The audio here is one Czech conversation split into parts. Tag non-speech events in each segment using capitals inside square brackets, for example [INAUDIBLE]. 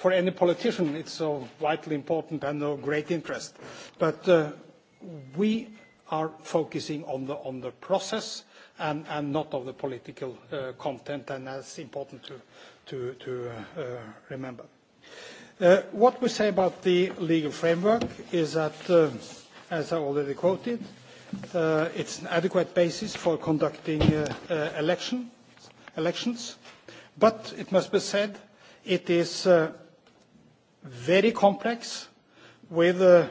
for any politician, it's so vitally important and of great interest. But uh, we are focusing on the, on the process and, and not on the political uh, content, and that's important to, to, to uh, uh remember. Uh, what we say about the legal framework is that, uh, as I already quoted, it's an adequate basis for conducting election, elections. But it must be said, it is very complex with uh,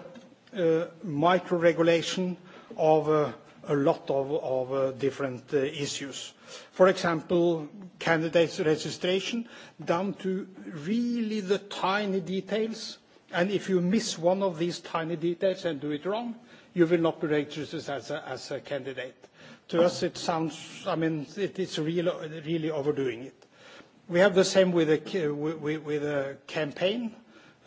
uh, micro-regulation of uh, a lot of, of uh, different uh, issues. For example, candidates registration down to really the tiny details, and if you miss one of these tiny details and do it wrong, you will not be registered as a, as a candidate. To us, it sounds, I mean, it is really, really overdoing it. We have the same with a, with, with a campaign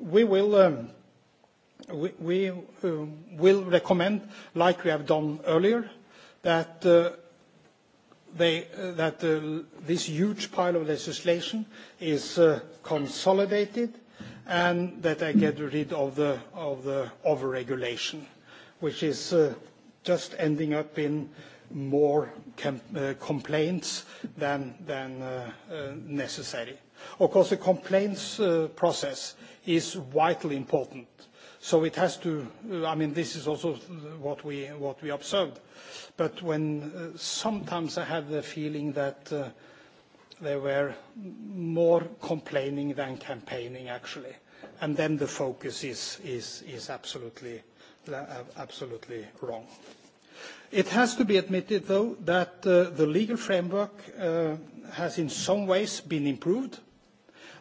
we will um, we, we um, will recommend, like we have done earlier, that uh, they, uh, that uh, this huge pile of legislation is uh, consolidated and that they get rid of the, of the overregulation, which is uh, just ending up in more com uh, complaints than, than necessary. Of course, the complaints uh, process is vitally important. So it has to, uh, I mean, this is also what we, what we observed. But when uh, sometimes I had the feeling that uh, there were more complaining than campaigning, actually. And then the focus is, is, is absolutely, uh, absolutely wrong. It has to be admitted, though, that uh, the legal framework uh, has in some ways been improved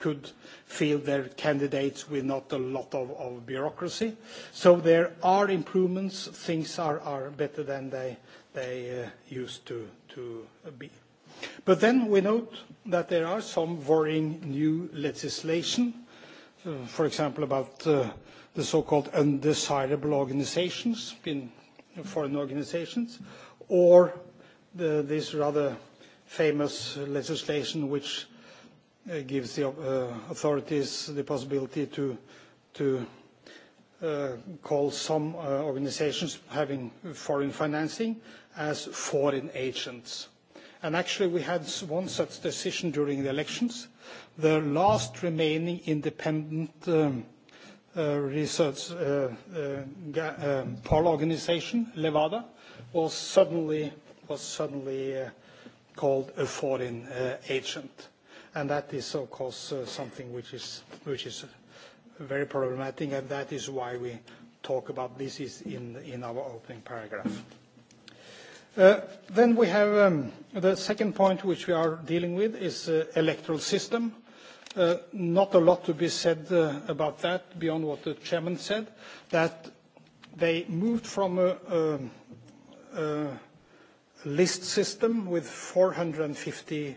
could feel their candidates with not a lot of, of bureaucracy. So there are improvements. Things are, are better than they, they uh, used to, to be. But then we note that there are some worrying new legislation, uh, for example, about uh, the so-called undesirable organizations, in foreign organizations, or the, this rather famous legislation which Uh, gives the uh, authorities the possibility to, uh, call some organisations organizations having foreign financing as foreign agents. And actually, we had one such decision during the elections. The last remaining independent um, uh, research um, poll organization, Levada, was suddenly, was suddenly called a foreign agent and That is, of course, uh, something which is, which is uh, very problematic, and that is why we talk about this is in, in our opening paragraph. Uh, then we have um, the second point which we are dealing with is uh, electoral system. Uh, not a lot to be said uh, about that beyond what the chairman said, that they moved from a, a, a list system with 450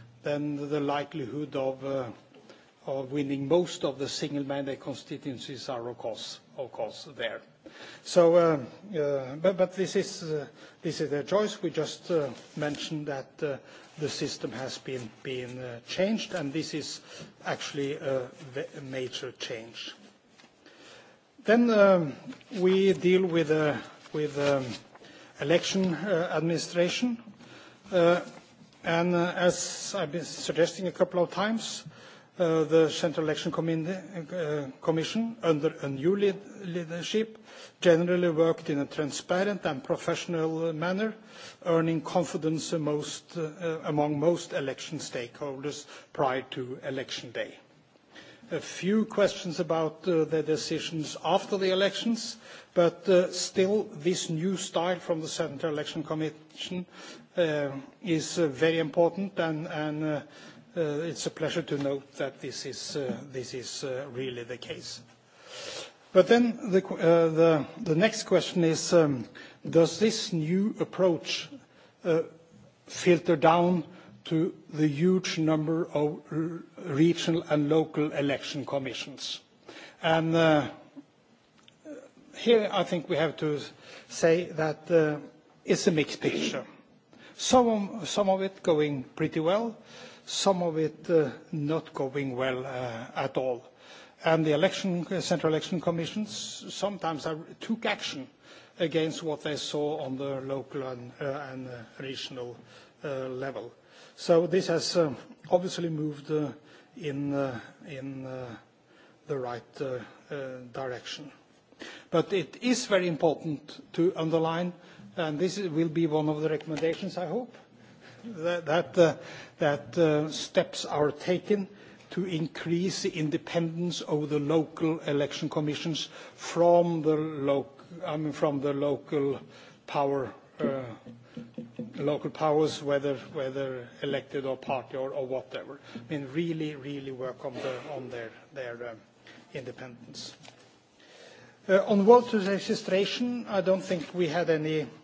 then the likelihood uh, of, winning most of the single mandate constituencies are, of course, of course there. So, uh, uh, but, this is, this is their choice. We just mentioned that the system has been, been changed, and this is actually a major change. Then um, we deal with, with um, election administration. And uh, as I've been suggesting a couple of times, uh, the Central Election uh, Commission, under a new leadership, generally worked in a transparent and professional manner, earning confidence uh, among most election stakeholders prior to election day a few questions about the decisions after the elections, but still, this new style from the Central Election Commission Uh, is very important, and, uh, uh, it's a pleasure to note that this is, really the case. the, next question is, um, does this new approach filter down to the huge number of regional and local election commissions. here I think we have to say that it's a mixed picture. Some of, it going pretty well, some of it uh, not going well uh, at all. And the election, uh, Central Election Commissions sometimes took action against what they saw on the local and, regional level. So this has obviously moved in, in the right direction. But it is very important to underline and this will be one of the recommendations, I hope, that, uh, uh, steps are taken to increase the independence of the local election commissions from the, uh, local powers, whether elected or party or, whatever. I mean, really, really work on, their um, independence. on voter registration, I don't think we had any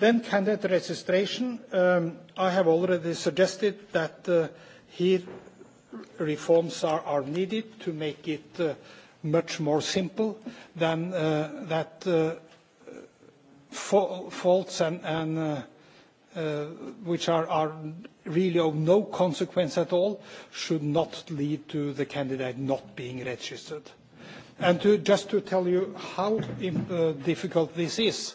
Then candidate registration, um, I have already suggested that uh, here reforms are, are needed to make it uh, much more simple than uh, that uh, fa faults and, and uh, uh, which are, are really of no consequence at all should not lead to the candidate not being registered. And to, just to tell you how uh, difficult this is,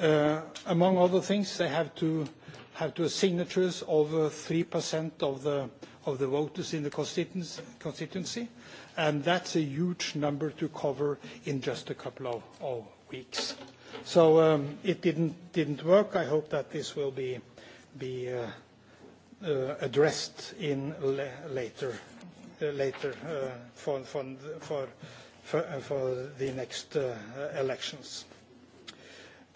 Uh, among other things, they have to have signatures of 3% uh, of the voters in the constituency, and that's a huge number to cover in just a couple of, weeks. Um, it didn't work. I hope that this will be uh, addressed in later for the next elections.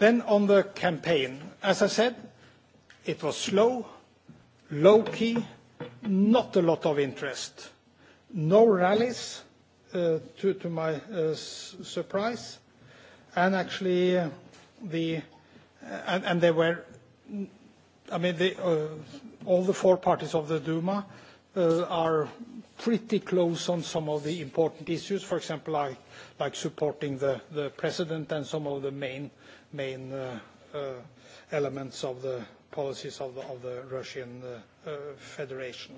Then on the campaign, as I said, it was slow, low-key, not a lot of interest. No rallies, uh, to, my uh, surprise. and Actually, uh, the and, there were, I mean, the, all the four parties of the Duma are pretty close on some of the important issues, for example, like, supporting the president and some of the main main uh, uh, elements of the policies of the, of the Russian uh, Federation.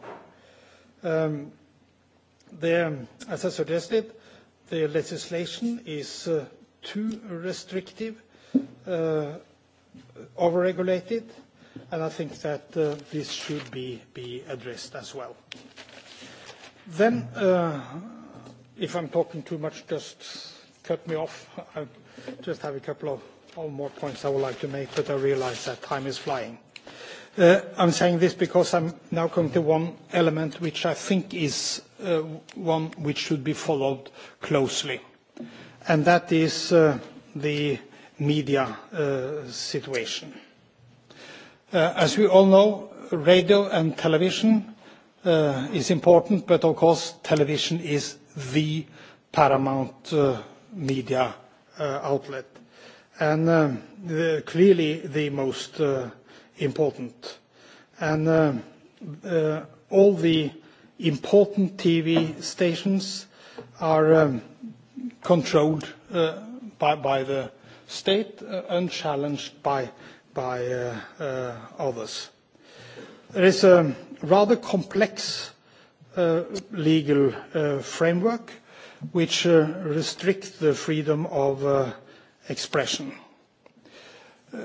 Um, the, as I suggested, the legislation is too restrictive, overregulated, and I think that uh, this should be, be addressed as well. Then, uh, if I'm talking too much, just cut me off. [LAUGHS] I just have a couple of or more points I would like to make, but I realize that time is flying. Uh, I'm saying this because I'm now coming to one element which I think is uh, one which should be followed closely, and that is uh, the media situation. As we all know, radio and television is important, but of course, television is the paramount media outlet and um, the, clearly the most uh, important. And uh, uh, all the important TV stations are um, controlled uh, by, by the state, uh, unchallenged by, by uh, uh, others. There is a rather complex uh, legal uh, framework which uh, restricts the freedom of uh, expression. Uh,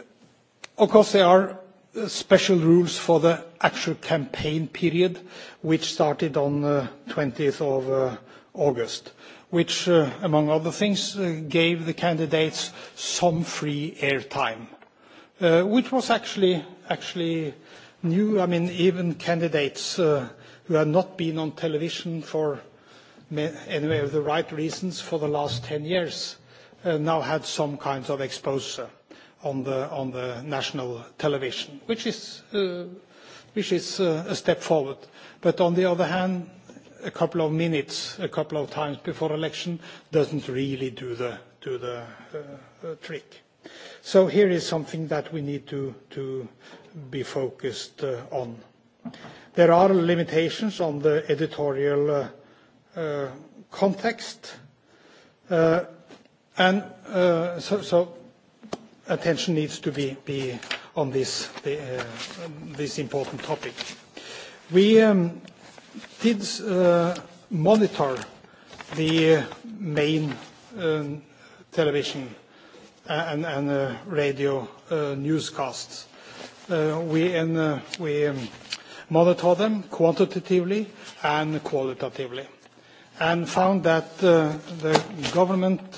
of course, there are uh, special rules for the actual campaign period, which started on uh, the 20th of uh, August, which, uh, among other things, gave the candidates some free airtime, which was actually, actually new. I mean, even candidates who had not been on television for anyway the right reasons for the last 10 years Uh, now had some kind of exposure on the, on the national television, which is, uh, which is uh, a step forward. But on the other hand, a couple of minutes, a couple of times before election doesn't really do the, do the uh, trick. So here is something that we need to, to be focused uh, on. There are limitations on the editorial uh, uh, context. Uh, And uh, so, so attention needs to be, be on this, the, uh, this important topic. We um, did uh, monitor the main um, television uh, and, and uh, radio uh, newscasts. Uh, we, and, uh, we um, monitor them quantitatively and qualitatively and found that uh, the government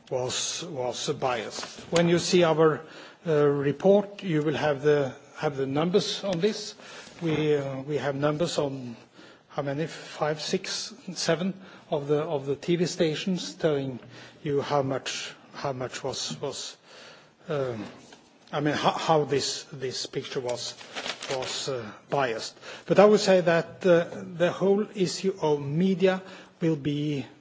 was, biased. When you see our uh, report, you will have the, numbers on this. Uh, we, have numbers on how many? Five, six, seven of the, TV stations telling you how much, was, um, I mean, how, this, picture was, uh, biased. I would say that the whole issue of media will be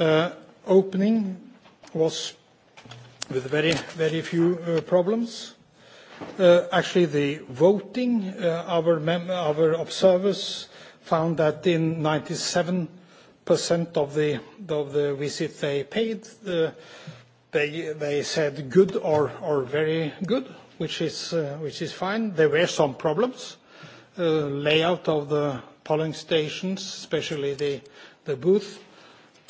Uh, opening was with very, very few uh, problems. Uh, actually, the voting, our, observers found that in 97% of the, of the visit they paid, they, they said good or, or very good, which is, which is fine. There were some problems. Layout of the polling stations, especially the, the booth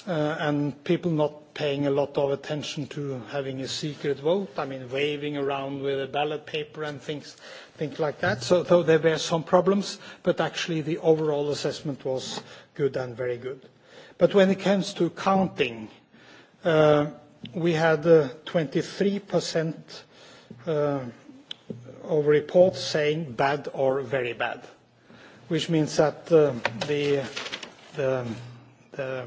Uh, and people not paying a lot of attention to having a secret vote, I mean, waving around with a ballot paper and things, things like that. So, so there were some problems, but actually the overall assessment was good and very good. But when it comes to counting, uh, we had 23% uh, of reports saying bad or very bad, which means that the, the, the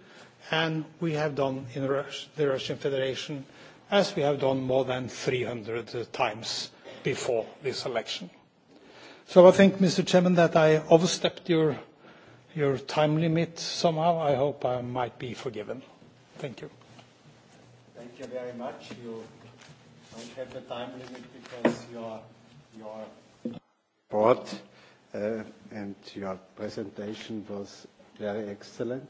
and we have done in the Russian Federation as we have done more than 300 uh, times before this election. So I think, Mr. Chairman, that I overstepped your, your time limit somehow. I hope I might be forgiven. Thank you. Thank you very much. You don't have the time limit because your, your report uh, and your presentation was very excellent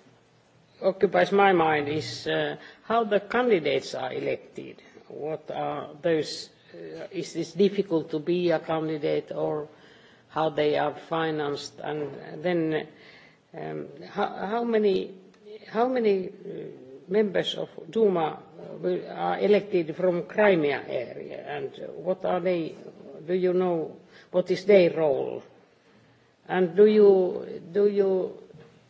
occupies my mind is uh, how the candidates are elected. What are those? Uh, is this difficult to be a candidate, or how they are financed? And then, um, how, how many how many uh, members of Duma uh, are elected from Crimea area, and what are they? Do you know what is their role? And do you do you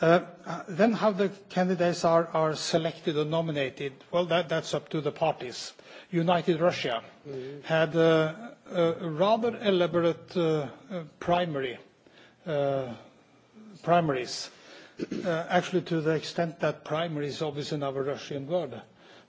Uh, uh, how the candidates are, selected or nominated, well, that's up to the parties. United Russia mm-hmm. had uh, a, rather elaborate primary, primaries, actually to the extent that primary is obvious in our Russian word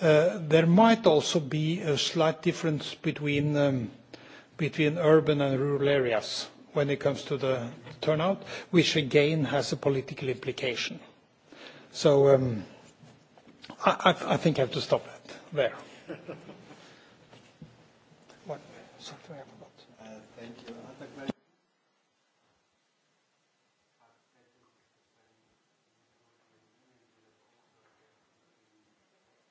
Uh, there might also be a slight difference between, um, between urban and rural areas when it comes to the turnout, which again has a political implication. So um, I, I, I think I have to stop that there. [LAUGHS] What? Something happened.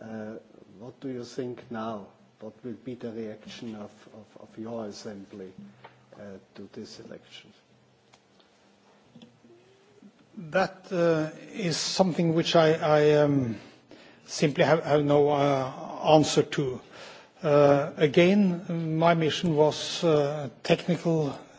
Uh, what do you think now? What will be the reaction of, of, of your assembly uh, to this election? That uh, is something which I, I um, simply have, have no uh, answer to. Uh, again, my mission was uh, technical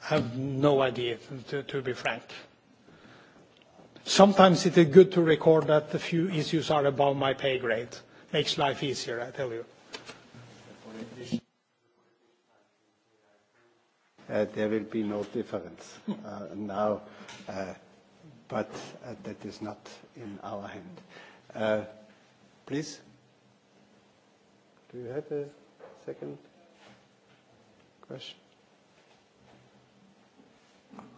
have no idea, to, to be frank. Sometimes it is good to record that a few issues are above my pay grade. Makes life easier, I tell you. Uh, there will be no difference uh, now, uh, but uh, that is not in our hand. Uh, please. Do you have a second question?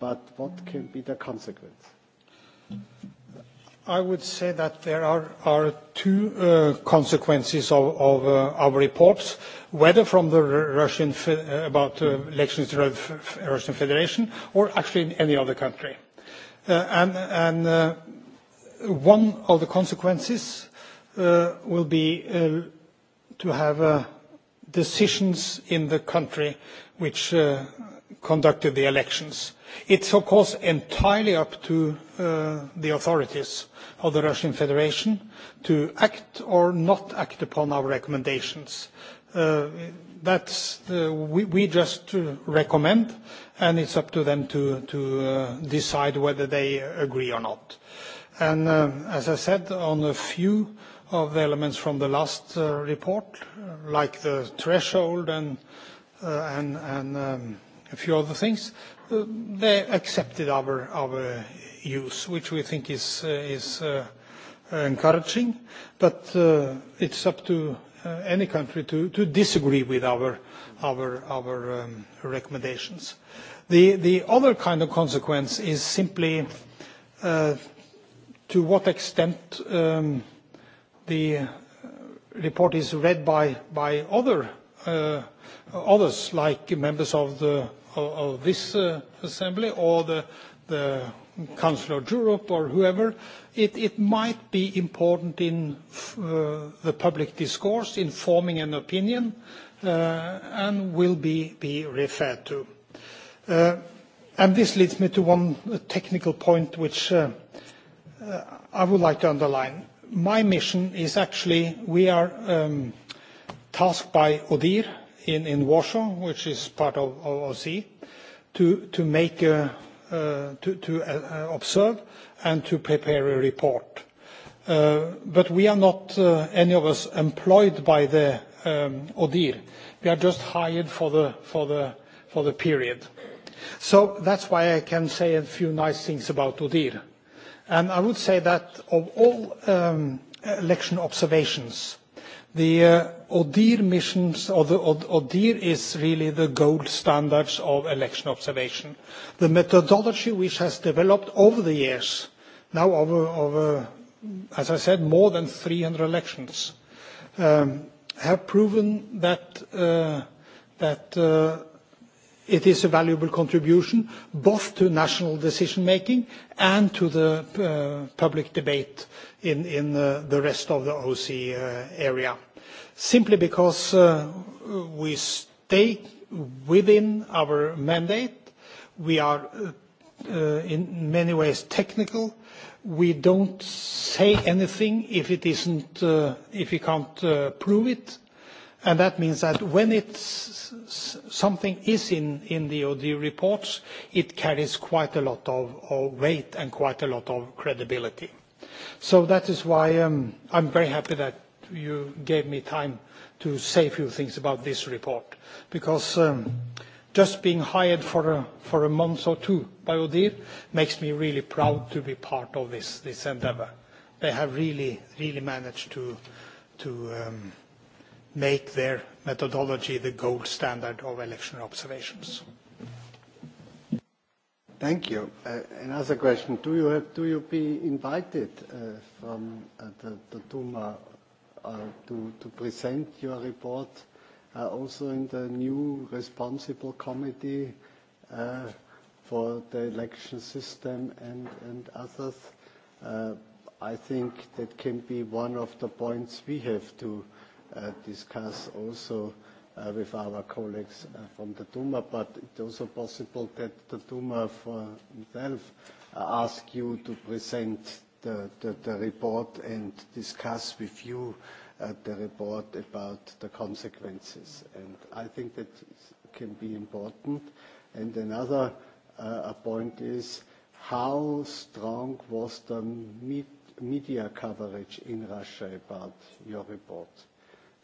but what can be the consequence? I would say that there are, are two uh, consequences of, of uh, our reports, whether from the Russian fe- uh, about uh, elections to the Russian Federation or actually in any other country. Uh, and and uh, one of the consequences uh, will be uh, to have uh, decisions in the country which uh, conducted the elections. It's of course entirely up to uh, the authorities of the Russian Federation to act or not act upon our recommendations. Uh, that's we, we just recommend, and it's up to them to, to uh, decide whether they agree or not. And uh, as I said, on a few of the elements from the last uh, report, like the threshold and, and, and um, a few other things, uh, they accepted our, our use, which we think is, uh, is uh, encouraging. But it's up to any country to, to disagree with our, our, our um, recommendations. The, the other kind of consequence is simply uh, to what extent um, the report is read by, by other, uh, others, like members of the of this uh, assembly or the, the Council of Europe or whoever, it, it might be important in uh, the public discourse, in forming an opinion, uh, and will be, be referred to. Uh, and this leads me to one technical point which uh, uh, I would like to underline. My mission is actually, we are um, tasked by ODIHR, in, Warsaw, which is part of OOC, to, to make a, uh, to, to uh, uh, observe and to prepare a report. Uh, but we are not, uh, any of us, employed by the um, ODIHR. We are just hired for the, for the, for the period. So that's why I can say a few nice things about ODIHR. And I would say that of all um, election observations, The uh, ODIHR missions, or the ODIHR is really the gold standards of election observation. The methodology which has developed over the years, now over, over as I said, more than 300 elections, um, have proven that, uh, that uh, It is a valuable contribution both to national decision-making and to the uh, public debate in, in uh, the rest of the OSCE uh, area, simply because uh, we stay within our mandate. We are, uh, in many ways, technical. We don't say anything if it isn't, uh, if we can't prove it And That means that when something is in, the OD reports, it carries quite a lot of, weight and quite a lot of credibility. So That is why um, I'm very happy that you gave me time to say a few things about this report, because um, just being hired for a, month or two by ODIHR makes me really proud to be part of this, endeavor. They have really, managed to, um, make their methodology the gold standard of election observations. Thank you. Uh, another question. Do you have do you be invited uh, from uh, the, the Duma uh, to, to present your report uh, also in the new responsible committee uh, for the election system and, and others? Uh, I think that can be one of the points we have to uh, Uh, discuss also uh, with our colleagues uh, from the Duma, but it's also possible that the Duma for itself uh, ask you to present the, the, the report and discuss with you uh, the report about the consequences. And I think that can be important. And another uh, point is how strong was the media coverage in Russia about your report?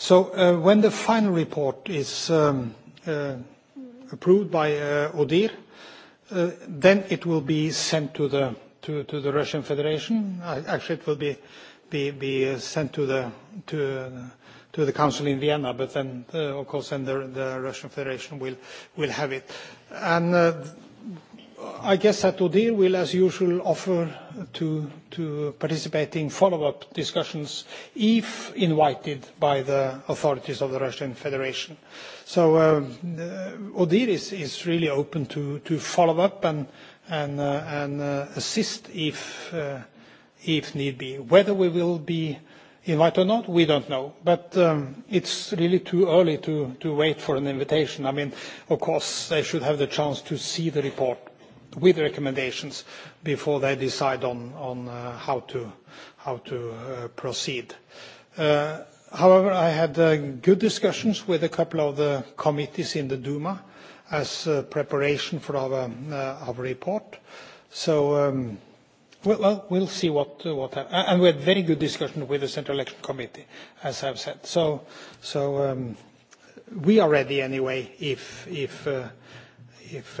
So uh, when the final report is um, uh, approved by uh, ODIHR, uh, then it will be sent to the to, to the Russian Federation. Uh, actually, it will be be, be uh, sent to the to uh, to the Council in Vienna, but then uh, of course, then the, the Russian Federation will will have it. And uh, i guess that Odile will, as usual, offer to, to participate in follow-up discussions if invited by the authorities of the Russian Federation. So um, uh, Odile is, is really open to, to follow up and, and, uh, and uh, assist if, uh, if need be. Whether we will be invited or not, we don't know. But um, it's really too early to, to wait for an invitation. I mean, of course, they should have the chance to see the report with recommendations before they decide on, uh, how to, how to uh, proceed. Uh, however, I had uh, good discussions with a couple of the committees in the Duma as uh, preparation for our, our report. So, um, well, we'll see what, what happens. We had very good discussion with the Central Election Committee, as I've said. So, so um, we are ready anyway if, if, if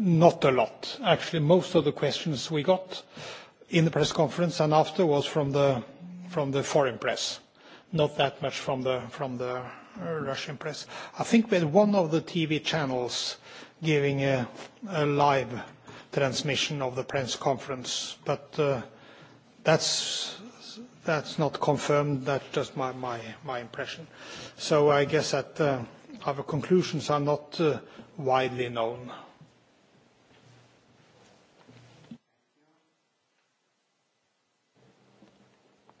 Not a lot. Actually, most of the questions we got in the press conference and after was from the, from the foreign press, not that much from the, from the uh, Russian press. I think we had one of the TV channels giving a, a live transmission of the press conference, but uh, that's, that's not confirmed. That's just my, my, my impression. So I guess that uh, our conclusions are not uh, widely known.